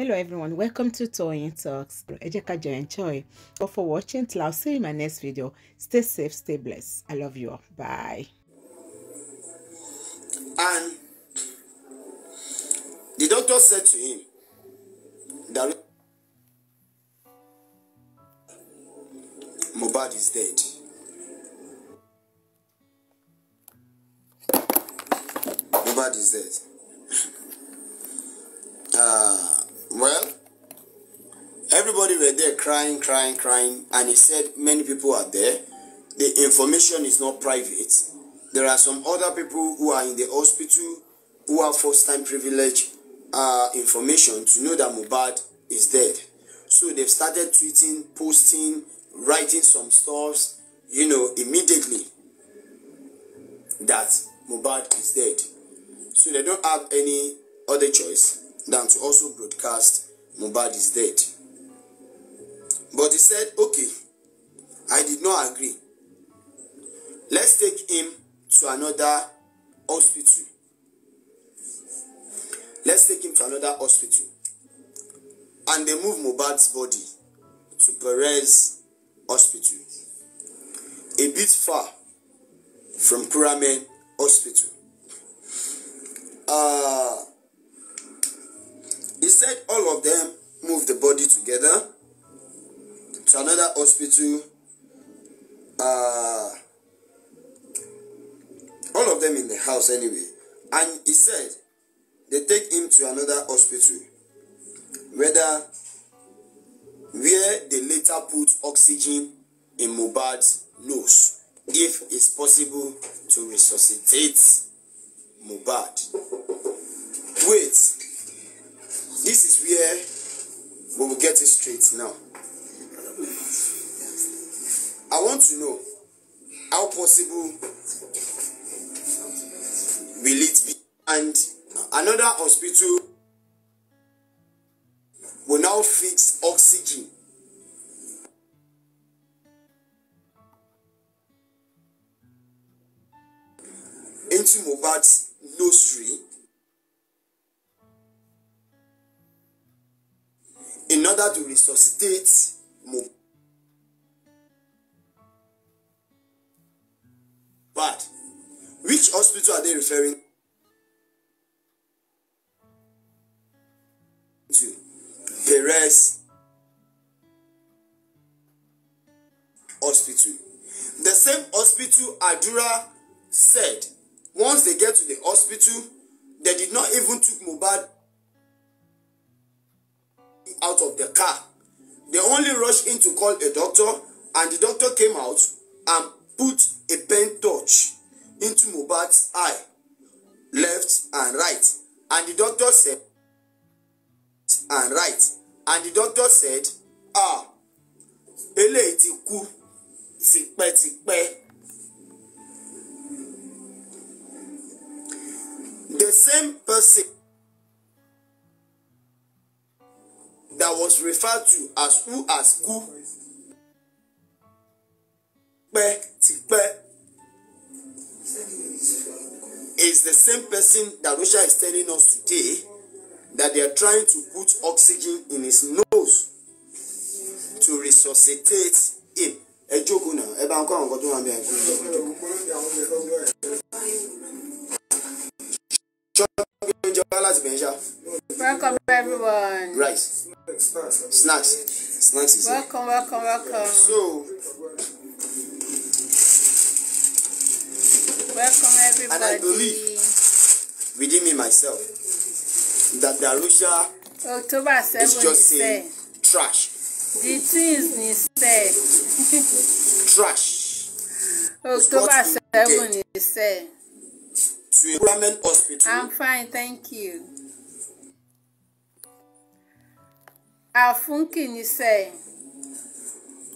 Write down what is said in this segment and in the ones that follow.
Hello everyone, welcome to Toyeen Talks. Ejeka enjoy. But for watching, till I'll see you in my next video. Stay safe, stay blessed. I love you all. Bye. And the doctor said to him that Mobad is dead. Mobad is dead. Ah. Uh, Well, everybody were there crying, crying, crying, and he said many people are there. The information is not private. There are some other people who are in the hospital who have first-time privilege uh, information to know that Mubad is dead. So they've started tweeting, posting, writing some stuffs, you know, immediately that Mubad is dead. So they don't have any other choice than to also broadcast Mohbad is dead. But he said, okay, I did not agree. Let's take him to another hospital. Let's take him to another hospital. And they moved Mohbad's body to Perez Hospital, a bit far from Kuramen Hospital. Uh, said all of them moved the body together to another hospital. Uh, all of them in the house anyway. And he said they take him to another hospital, whether where they later put oxygen in Mubad's nose, if it's possible to resuscitate Mubad. Wait. This is where we will get it straight now. I want to know how possible will it be and another hospital will now fix oxygen into Mohbad's nursery order to resuscitate but Which hospital are they referring to? Perez Hospital. The same hospital Adura said once they get to the hospital, they did not even took Mohbad out of the car. They only rushed in to call a doctor, and the doctor came out and put a pen torch into Mubat's eye, left and right. And the doctor said, and right. And the doctor said, ah, eléyìí ti kú tipẹ́tipẹ́. The same person. was referred to as who as has kú pẹ́tipẹ́ is the same person that Russia is telling us today that they are trying to put oxygen in his nose to resuscitate him. ẹ jókòó náà ẹ bá ń kọ́ àwọn nǹkan tó wà ní ẹ̀kọ́ ìjọba. Welcome everyone. Rice snacks. Snacks. is Welcome, it. welcome, welcome. So. Welcome, everybody. And I believe within me myself that the Arusha October 7 th is just is saying said. trash. The things is said. trash. October 7 is said. To a hospital. I'm fine, thank you.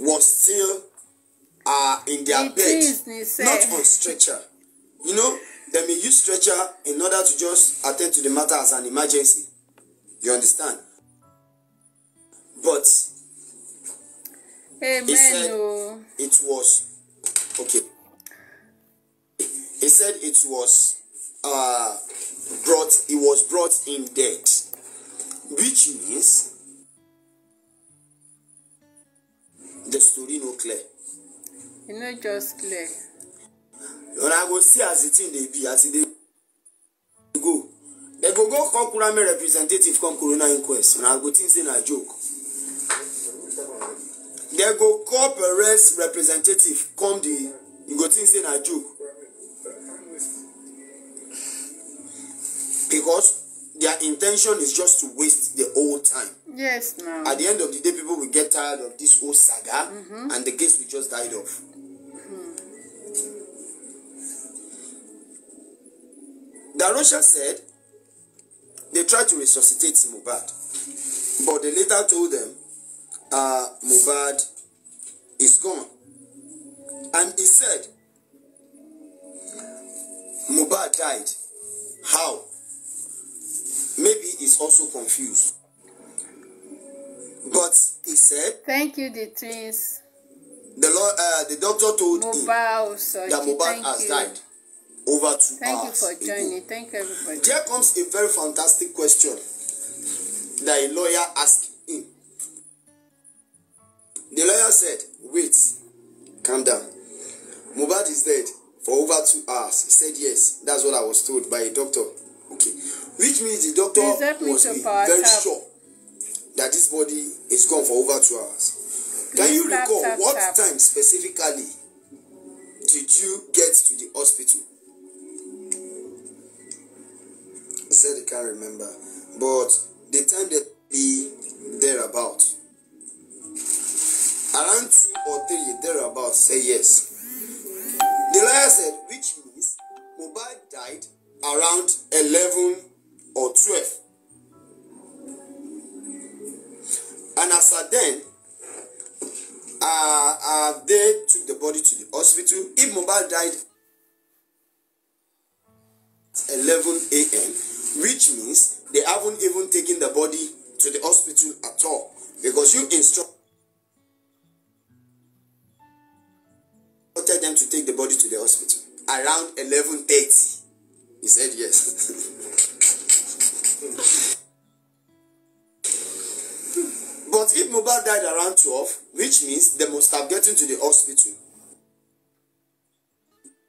Was still uh, in their bed, not on stretcher. You know, they may use stretcher in order to just attend to the matter as an emergency. You understand? But Amen. he said oh. it was okay. He said it was uh, brought. It was brought in dead, which means the story no clear. e no just clear. una go see as the thing dey be as e dey go dem go go come kurame representative come corona inquest una go think say na joke dem go call perez representative come the you go think say na joke because their intention is just to waste the whole time Yes, now. At the end of the day, people will get tired of this whole saga, mm-hmm. and the case will just die off. Mm-hmm. Darosha said they tried to resuscitate Mubad, but they later told them, uh, ah, Mubad is gone. And he said, Mubad died. How? Maybe he's also confused. But he said, Thank you, the twins. The, Lord, uh, the doctor told Mobile, him that Mobile has you. died over two Thank hours. Thank you for joining. Ago. Thank you, everybody. There comes a very fantastic question that a lawyer asked him. The lawyer said, Wait, calm down. Mobad is dead for over two hours. He said, Yes, that's what I was told by a doctor. Okay, which means the doctor was very sure that this body is gone for over two hours. Can you recall what time specifically did you get to the hospital? He said he can't remember, but the time that he thereabout, around two or three thereabout, say yes. The liar said, which means Mobile died around 11 or 12. as then uh, uh, they took the body to the hospital if mobile died 11 a.m which means they haven't even taken the body to the hospital at all because you instructed them to take the body to the hospital around 11.30 he said yes Mohbad died around twelve, which means they must have gotten to the hospital.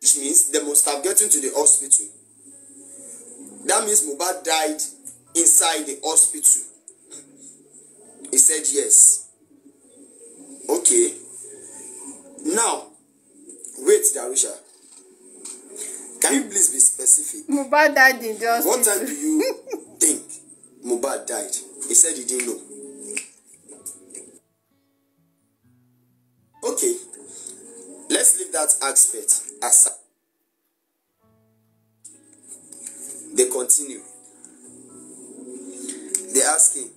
Which means they must have gotten to the hospital. That means Mohbad died inside the hospital. He said yes. Okay. Now, wait, Darusha. Can you please be specific? Mohbad died in the hospital. What time do you think Mohbad died? He said he didn't know. that aspect aside. They continue. They ask him.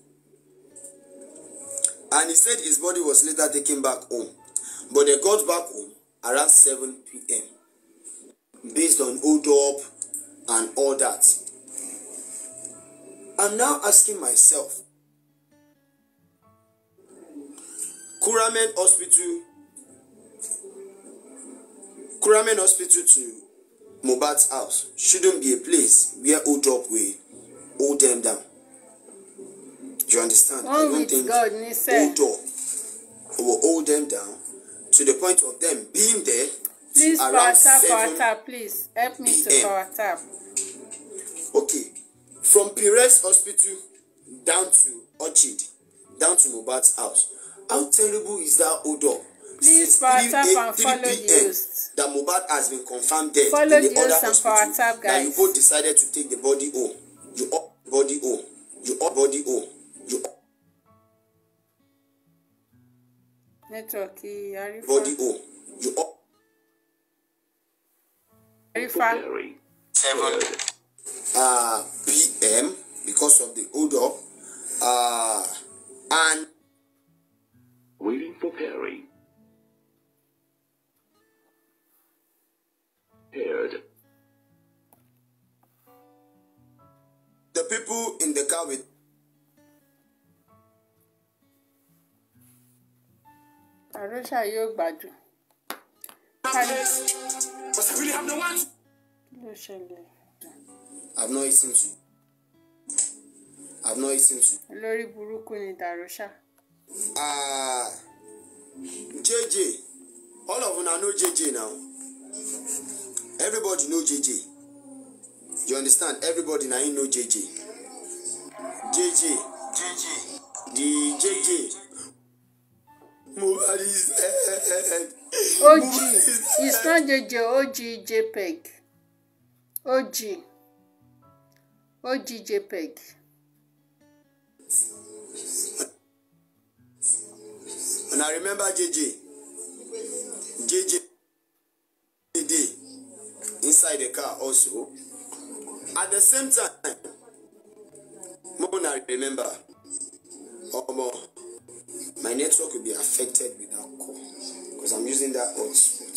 And he said his body was later taken back home. But they got back home around 7 p.m. Based on hold up and all that. I'm now asking myself. Kuramen Hospital Kuramen Hospital to Mobat's house shouldn't be a place where hold up will hold them down. Do you understand? Oh, I don't think God, hold up will hold them down to the point of them being there. Please power tap, power tap, please. Help me to power tap. Okay. From Pires Hospital down to Orchid, down to Mobat's house. How terrible is that odor? Please, power tap and follow the host. That Mohbad has been confirmed dead follow in the, the other hospital. Tap, guys. you both decided to take the body home. You up body home. You up body home. You up. Network, eh, body home. You up. Seven. 7 uh, p.m. because of the hold up. Uh, and waiting for Perry. prepared. The people in the car with Arusha yóò gbádùn. Ló ṣẹlẹ̀. I've not eaten too. I've not eaten too. Olórí burúkú ni Darusha. Ah, JJ, all of una know JJ now everybody know jj you understand everybody na him know jj jj jj the jj mohbad is og it's not jj og jpeg og og jpeg. and i remember jj jj inside the car also. At the same time, Mona remember, Omo, my network will be affected with that call because I'm using that hotspot.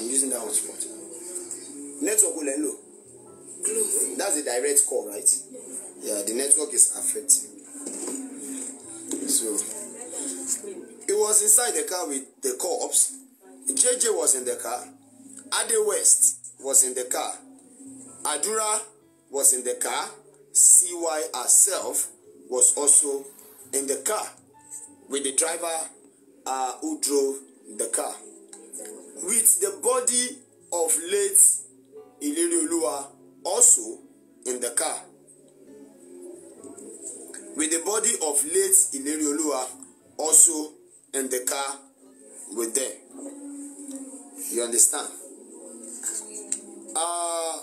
I'm using that hotspot. Network will end low. That's a direct call, right? Yeah, the network is affected. So. it was inside the car with the co-ops. JJ was in the car. Ade West was in the car. Adura was in the car. CY herself was also in the car with the driver uh, who drove the car. With the body of late Ilerioluwa also in the car. With the body of late Ilerioluwa also in the car with them. You understand? uh,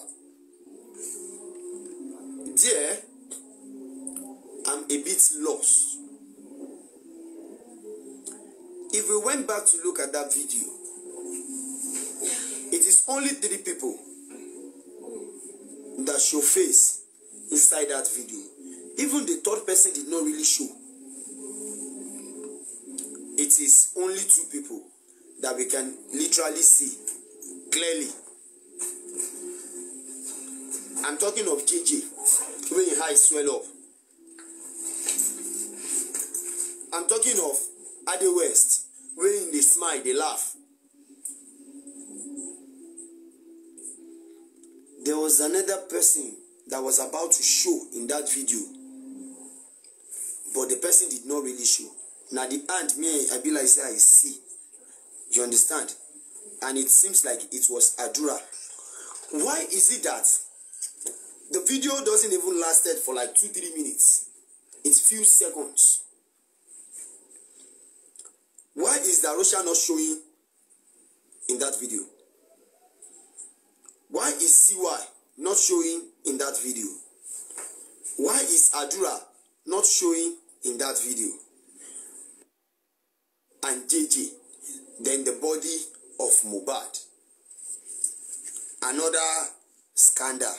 there I'm a bit lost. If we went back to look at that video, it is only three people that show face inside that video. Even the third person did not really show. It is only two people that we can literally see clearly I'm talking of JJ wey him eye swell up I'm talking of Ade West wey him dey smile dey laugh there was another person that was about to show in that video but the person did not really show na the hand me I be like say I see you understand and it seems like it was Adura why is it that The video doesn't even lasted for like two, three minutes. It's few seconds. Why is Darusha not showing in that video? Why is CY not showing in that video? Why is Adura not showing in that video? And JJ, then the body of Mubad. Another scandal.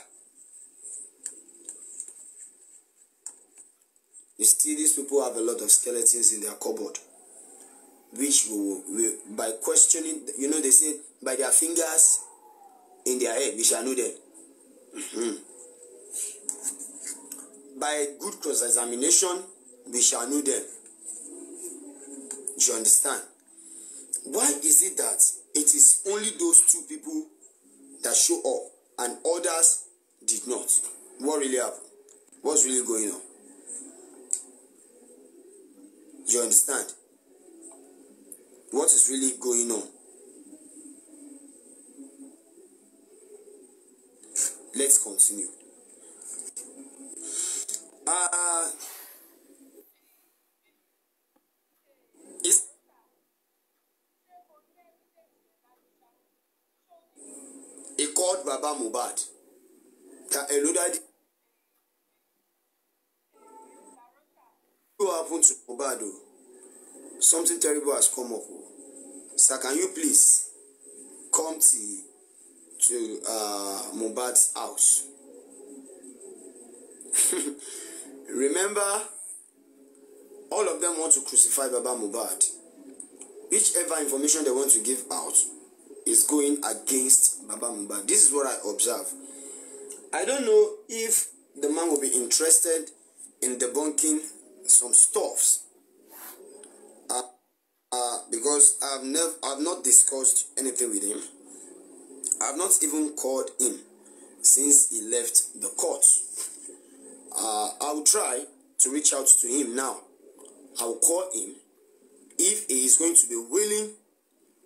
You see, these people have a lot of skeletons in their cupboard, which we will, we, by questioning, you know, they say, by their fingers in their head, we shall know them. Mm-hmm. by good cross examination, we shall know them. Do you understand? Why is it that it is only those two people that show up and others did not? What really happened? What's really going on? You understand? What is really going on? Let's continue. Uh, he called Baba Mubad. Hello, Daddy. what happened to Mohbad something terrible has come up oh. sir can you please come to to uh, Mohbad's house remember all of them want to crucify Baba Mohbad whichever information they want to give out is going against Baba Mohbad this is what I observe I don't know if the man will be interested in debunking some stuffs uh, uh, because I've never I've not discussed anything with him. I've not even called him since he left the court. Uh, I'll try to reach out to him now. I'll call him if he is going to be willing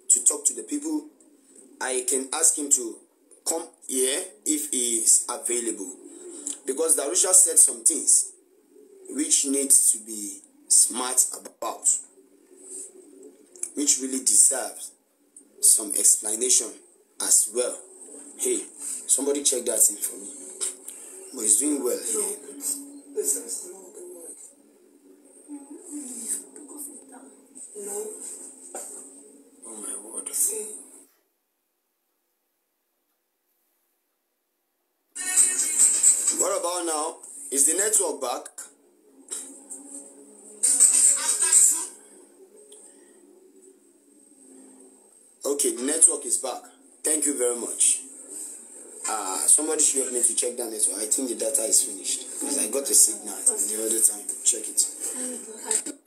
to talk to the people. I can ask him to come here if he is available because Darusha said some things which needs to be smart about, which really deserves some explanation as well. Hey, somebody check that in for me. But he's doing well here. Oh my word. What about now? Is the network back? is back. Thank you very much. Uh, somebody should help me to check that well. I think the data is finished. Because I got a signal the other time check it.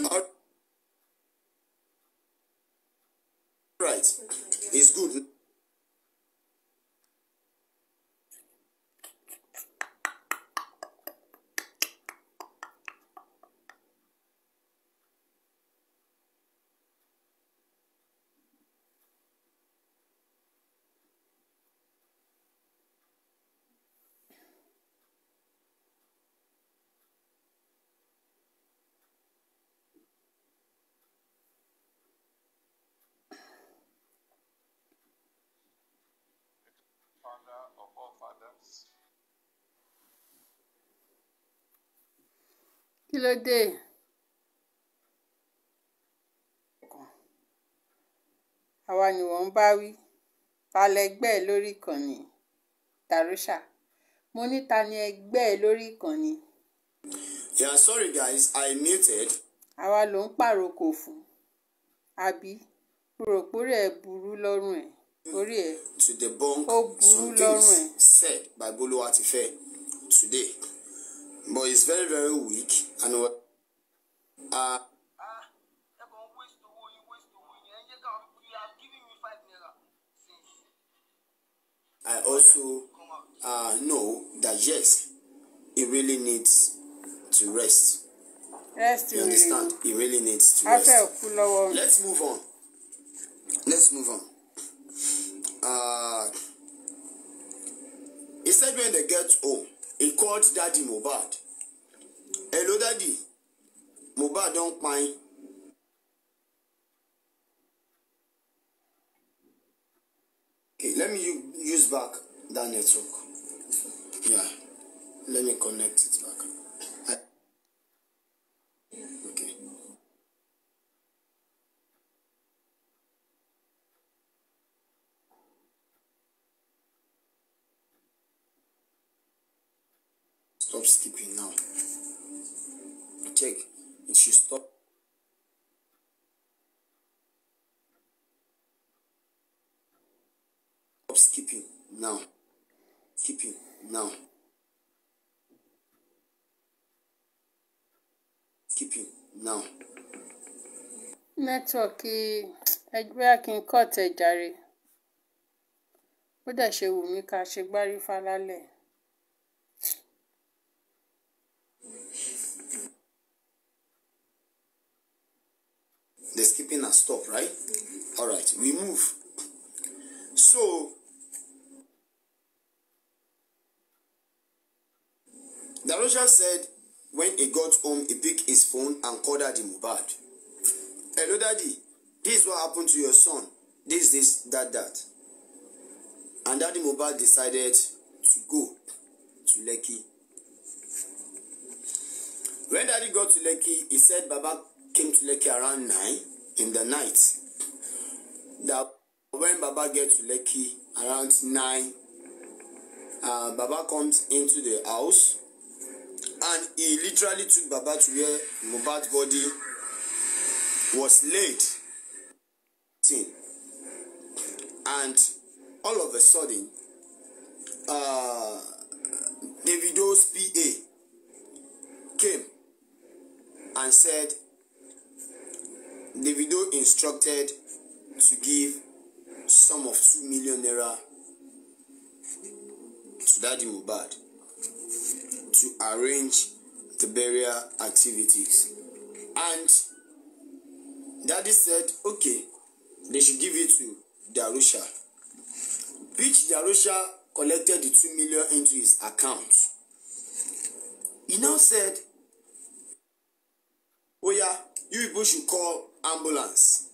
kí ló dé àwa ni wọ́n ń bá wí ta lẹgbẹ́ ẹ lórí ìkànnì Darusha mo ní ta ni ẹgbẹ́ lórí ìkànnì. yeah sorry guys i muted. àwa ló ń pàrokò fún àbí rògbòrè ẹ burú lọ́rùn ẹ̀ orí ẹ̀ ó burú lọ́rùn ẹ̀. to debunk some things said by Boluwatife today but he's very very weak and what. Uh, I also uh, know that yes, he really needs to rest. Rest. You understand? He really needs to rest. Let's move on. Let's move on. Uh, he said when they get home, he called daddy Mohbad hello daddy Mohbad don kpain okay let me use back that network yeah let me connect it back. stop skipping now check it should stop stop skipping now skipping now skipping now. nẹ́tíwọ̀kì ẹgbẹ́ akínkọ́ tẹ̀ jàre bó dẹ̀ ṣe wù mí ká ṣe gbárí fálálẹ̀. we move. So, Darusha said when he got home, he picked his phone and called Daddy Mubad. Hello, Daddy. This is what happened to your son. This, this, that, that. And Daddy Mubad decided to go to Lekki. When Daddy got to Lekki, he said Baba came to Lekki around 9 in the night that when Baba gets to Lekki around 9, uh, Baba comes into the house and he literally took Baba to where Mohbad's body was laid. And all of a sudden, uh, Davido's PA came and said, Davido instructed to give some of two million naira to Daddy Mohbad to arrange the burial activities and Daddy said okay they should give it to Darusha which Darusha collected the two million into his account he now said oya you people should call ambulance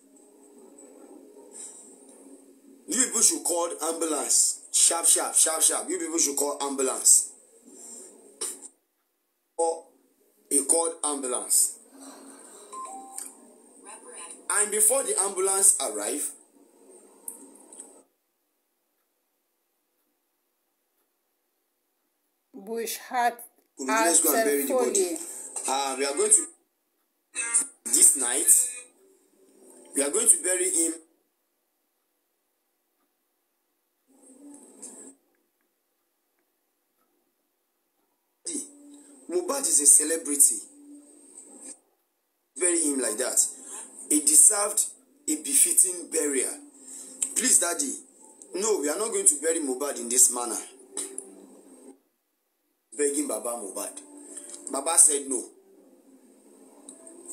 You people should call ambulance. Sharp, sharp, sharp, sharp. You people should call ambulance. Or he called ambulance. And before the ambulance arrive, Bush had let's go and ah, we are going to this night. We are going to bury him Mubad is a celebrity. Bury him like that. He deserved a befitting burial. Please, Daddy, no, we are not going to bury Mubad in this manner. Begging Baba Mubad. Baba said no.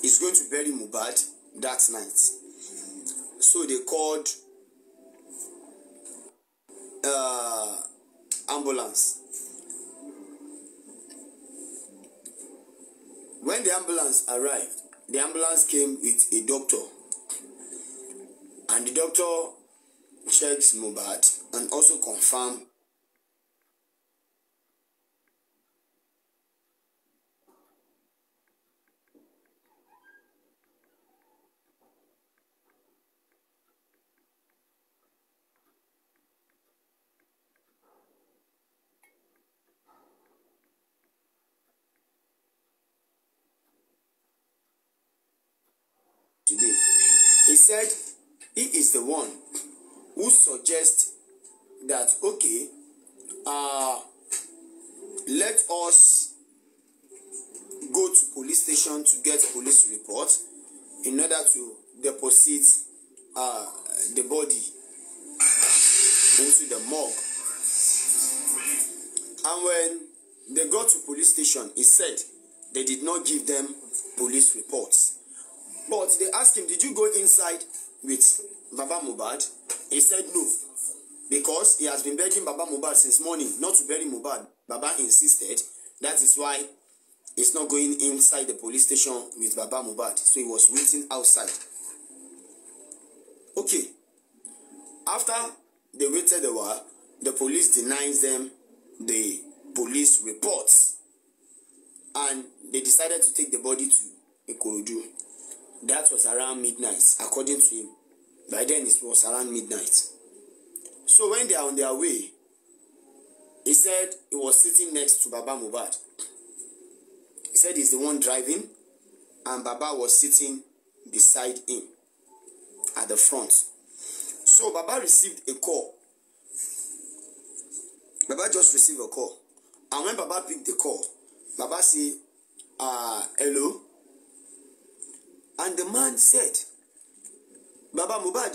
He's going to bury Mubad that night. So they called uh, ambulance When the ambulance arrived, the ambulance came with a doctor, and the doctor checks Mubad and also confirmed said he is the one who suggests that okay uh, let us go to police station to get police report in order to deposit uh, the body into the morgue and when they go to police station he said they did not give them police reports But they asked him, Did you go inside with Baba Mubad? He said no. Because he has been begging Baba Mubad since morning not to bury Mubad. Baba insisted. That is why he's not going inside the police station with Baba Mubad. So he was waiting outside. Okay. After they waited a while, the police denies them the police reports and they decided to take the body to Ikorodu that was around midnight according to him by then it was around midnight so when they are on their way he said he was sitting next to baba mohbad he said he's the one driving and baba was sitting beside him at the front so baba received a call baba just received a call and when baba picked the call baba say uh, hello and the man said baba Mohbad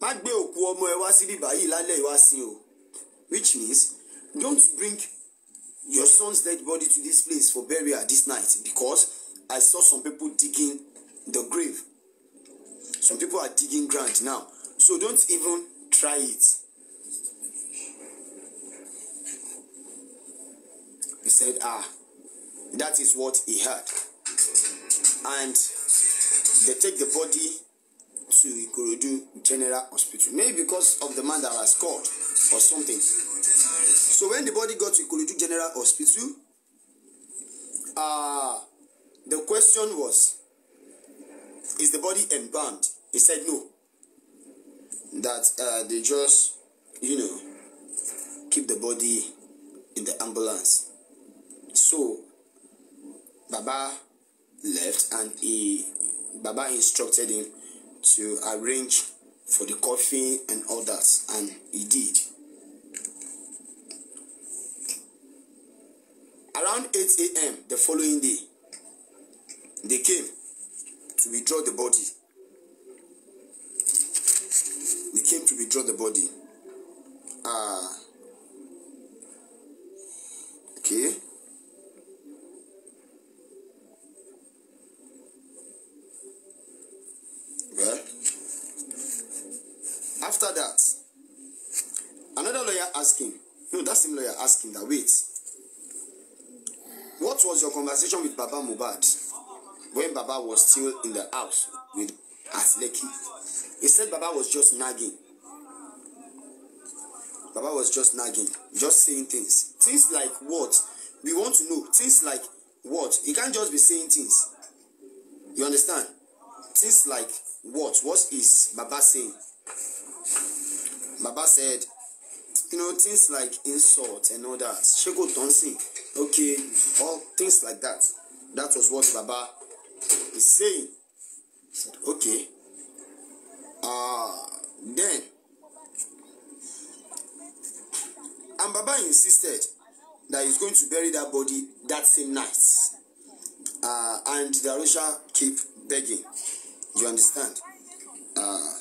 má gbé òkú ọmọ ẹ wá síbí báyìí lálẹ́ ìwá o which means don't bring your son's dead body to this place for burial this night because I saw some people digging the grave some people are digging ground now so don't even try it. He said, ah, that is what he heard. And they take the body to Ikorodu General Hospital. Maybe because of the man that was caught or something. So when the body got to Ikorodu General Hospital, uh, the question was, is the body embalmed? He said no. That uh, they just, you know, keep the body in the ambulance. So, Baba left and he Baba instructed him to arrange for the coffin and all that, and he did. Around 8 a.m. the following day, they came to withdraw the body. They came to withdraw the body. Ah. Uh, okay. After that, another lawyer asking, no, that same lawyer asking that, wait, what was your conversation with Baba Mubad when Baba was still in the house with Asleki? He said Baba was just nagging. Baba was just nagging, just saying things. Things like what? We want to know. Things like what? He can't just be saying things. You understand? Things like what? What is Baba saying? Baba said, you know, things like insult and all that. Sheko Tonsin, okay, all things like that. That was what Baba is saying. said, okay. Uh, then, and Baba insisted that he's going to bury that body that same night. Uh, and Darusha keep begging. You understand? Uh,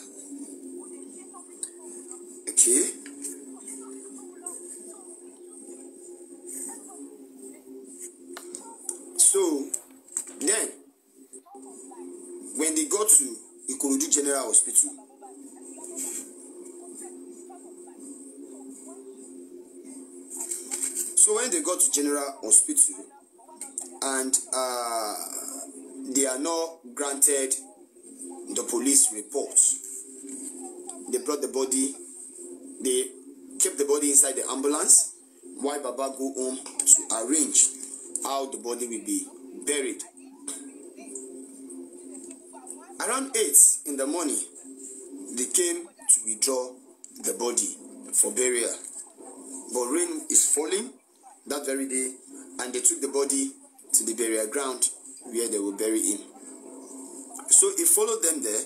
hospital. So when they got to General Hospital and uh, they are not granted the police report, they brought the body, they kept the body inside the ambulance while Baba go home to arrange how the body will be buried around 8 in the morning, they came to withdraw the body for burial. But rain is falling that very day, and they took the body to the burial ground where they will bury him. So he followed them there.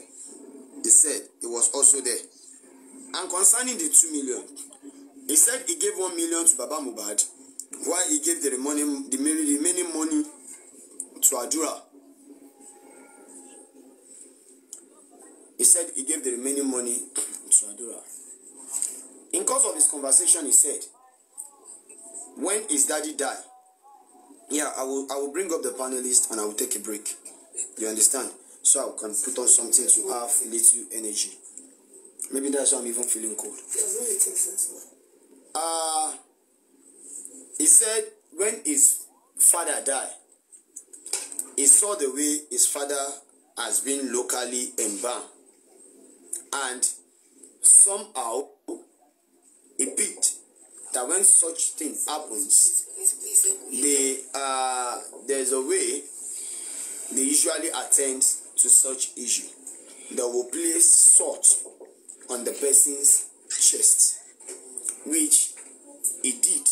He said he was also there. And concerning the two million, he said he gave one million to Baba Mubad, while he gave the remaining, the remaining money to Adura said he gave the remaining money to Adura. In course of his conversation, he said, when his daddy die, yeah, I will, I will bring up the panelist and I will take a break. You understand? So I can put on something to have little energy. Maybe that's why I'm even feeling cold. Uh, he said when his father died, he saw the way his father has been locally embalmed. and somehow a bit that when such thing happens the uh, there's a way they usually attend to such issue they will place salt on the person's chest which he did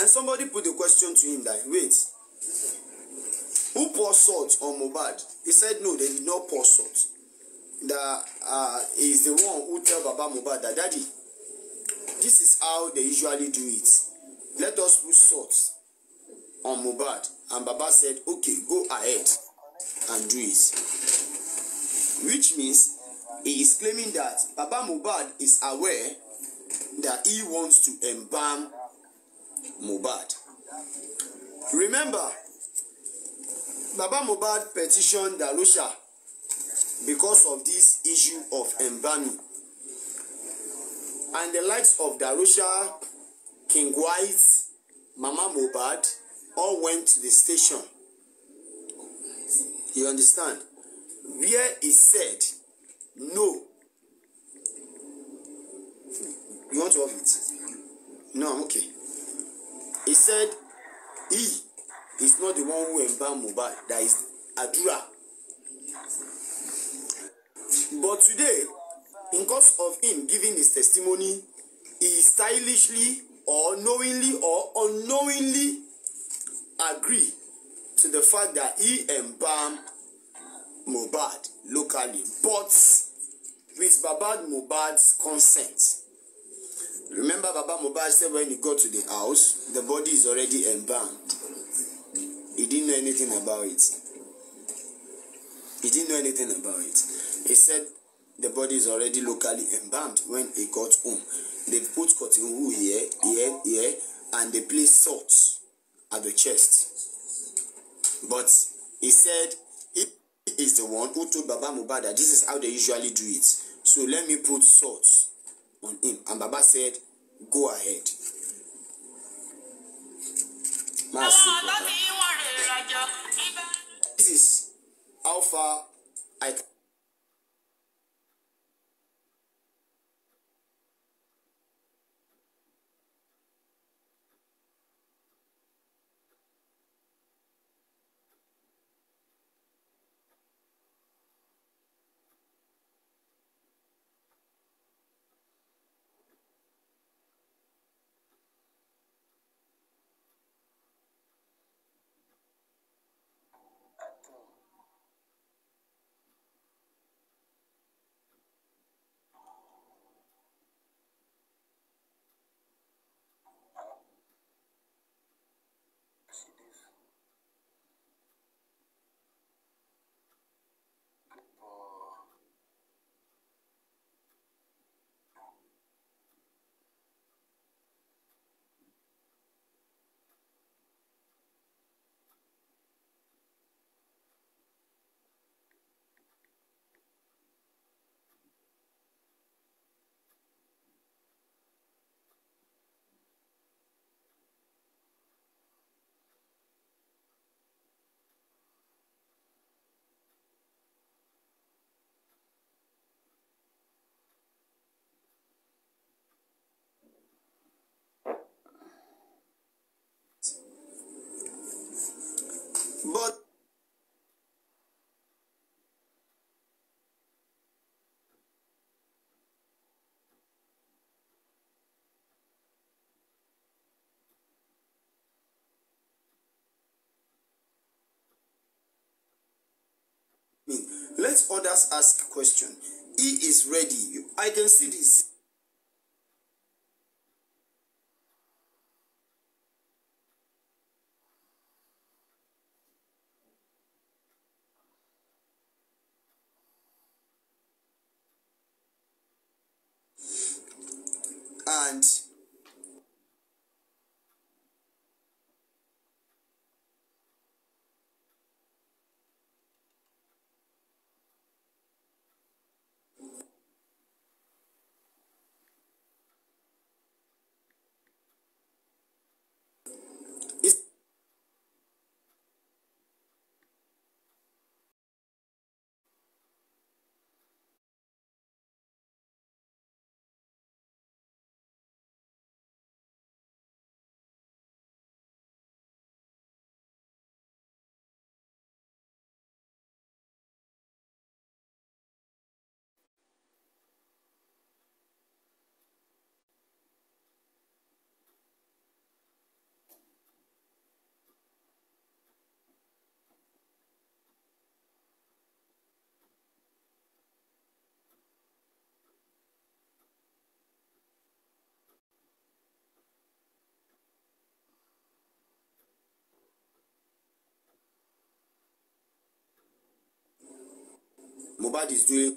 and somebody put a question to him that wait who pour salt on Mohbad he said no they did not pour salt that uh, is the one who tell Baba Mohbad that daddy this is how they usually do it let us put salt on Mohbad and Baba said okay go ahead and do it which means he is claiming that Baba Mohbad is aware that he wants to embalm Mohbad. Remember, Baba Mohbad petitioned Darusha because of this issue of embalming. And the likes of Darusha, King White, Mama Mobad all went to the station. You understand? Where he said, no. You want to have it? No, I'm okay. He said, he is not the one who embalmed Mobad. That is Adura. But today, in course of him giving his testimony, he stylishly or knowingly or unknowingly agree to the fact that he embalm Mohbad locally, but with Baba Mohbad's consent. Remember Baba Mohbad said when he go to the house, the body is already embalmed. He didn't know anything about it. He didn't know anything about it. He said the body is already locally embalmed when he got home. They put cotton wool here, here, here, and they placed salt at the chest. But he said he is the one who told Baba Mohbad that this is how they usually do it. So let me put salt on him. And Baba said, go ahead. This is how far I can. Let others ask question. He is ready. I can see this. and nobody is doing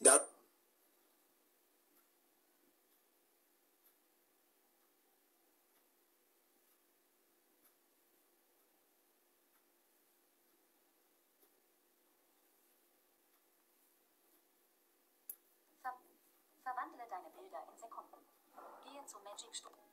that Ver Verwandle deine Bilder in Sekunden. Gehe zu Magic Studio.